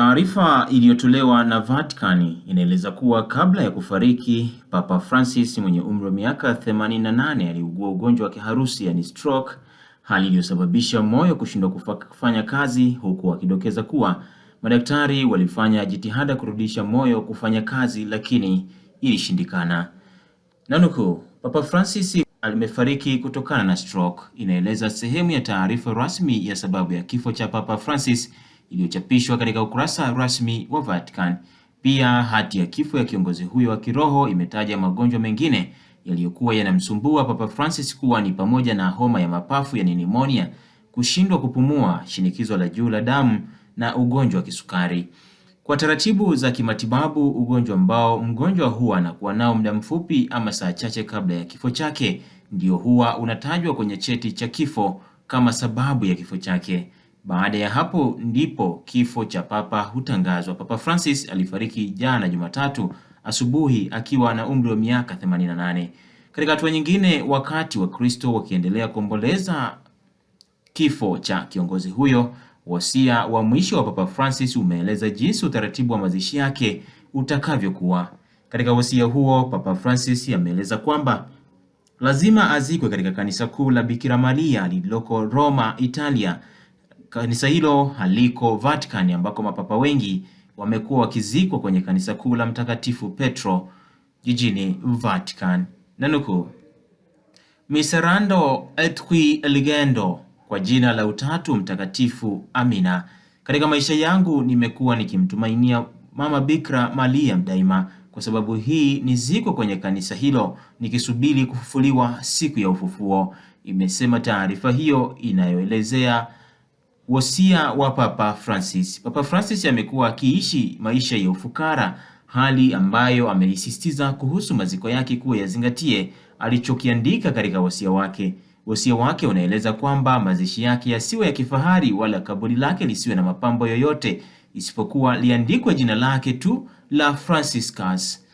Taarifa iliyotolewa na vatican inaeleza kuwa kabla ya kufariki, Papa Francis mwenye umri wa miaka 88 aliugua ugonjwa wa kiharusi yani stroke, hali iliyosababisha moyo kushindwa kufanya kazi, huku akidokeza kuwa madaktari walifanya jitihada kurudisha moyo kufanya kazi lakini ilishindikana. Nanuku, Papa Francis alimefariki kutokana na stroke. Inaeleza sehemu ya taarifa rasmi ya sababu ya kifo cha Papa Francis iliyochapishwa katika ukurasa rasmi wa Vatican. Pia hati ya kifo ya kiongozi huyo wa kiroho imetaja magonjwa mengine yaliyokuwa yanamsumbua Papa Francis kuwa ni pamoja na homa ya mapafu ya pneumonia, kushindwa kupumua, shinikizo la juu la damu na ugonjwa wa kisukari. Kwa taratibu za kimatibabu, ugonjwa ambao mgonjwa huwa anakuwa nao muda mfupi ama saa chache kabla ya kifo chake, ndio huwa unatajwa kwenye cheti cha kifo kama sababu ya kifo chake. Baada ya hapo ndipo kifo cha papa hutangazwa. Papa Francis alifariki jana Jumatatu asubuhi akiwa na umri wa miaka 88. Katika hatua nyingine, wakati Wakristo wakiendelea kuomboleza kifo cha kiongozi huyo, wasia wa mwisho wa Papa Francis umeeleza jinsi utaratibu wa mazishi yake utakavyokuwa. Katika wasia huo, Papa Francis ameeleza kwamba lazima azikwe katika kanisa kuu la Bikira Maria lililoko Roma, Italia Kanisa hilo haliko Vatican ambako mapapa wengi wamekuwa wakizikwa kwenye kanisa kuu la Mtakatifu Petro jijini Vatican. Nanuku, miserando et qui eligendo, kwa jina la Utatu Mtakatifu, amina. Katika maisha yangu nimekuwa nikimtumainia Mama Bikra Maria daima. Kwa sababu hii ziko kwenye kanisa hilo nikisubiri kufufuliwa siku ya ufufuo, imesema taarifa hiyo inayoelezea Wosia wa Papa Francis. Papa Francis amekuwa akiishi maisha ya ufukara, hali ambayo ameisisitiza kuhusu maziko yake kuwa yazingatie alichokiandika katika wosia wake. Wosia wake unaeleza kwamba mazishi yake yasiwe ya kifahari wala kaburi lake lisiwe na mapambo yoyote isipokuwa liandikwe jina lake tu la Franciscus.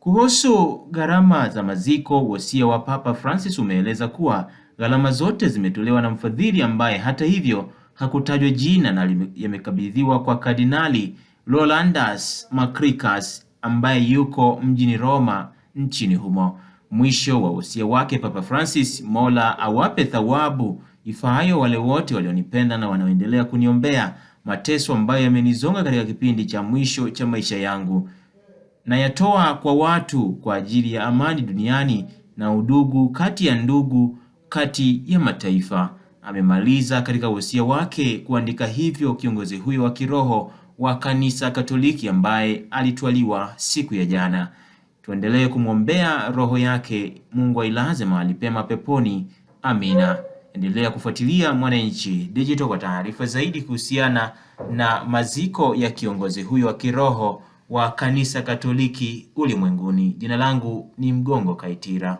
Kuhusu gharama za maziko, wosia wa Papa Francis umeeleza kuwa gharama zote zimetolewa na mfadhili ambaye hata hivyo hakutajwa jina na yamekabidhiwa kwa Kardinali Rolandus Macricas ambaye yuko mjini Roma nchini humo. Mwisho wa wosia wake, Papa Francis: Mola awape thawabu ifaayo wale wote walionipenda na wanaoendelea kuniombea mateso ambayo yamenizonga katika kipindi cha mwisho cha maisha yangu, na yatoa kwa watu kwa ajili ya amani duniani na udugu kati ya ndugu kati ya mataifa. Amemaliza katika wosia wake kuandika hivyo kiongozi huyo wa kiroho wa kanisa Katoliki ambaye alitwaliwa siku ya jana. Tuendelee kumwombea roho yake, Mungu ailaze mahali pema peponi. Amina. Endelea kufuatilia Mwananchi Digital kwa taarifa zaidi kuhusiana na maziko ya kiongozi huyo wa kiroho wa kanisa Katoliki ulimwenguni. Jina langu ni Mgongo Kaitira.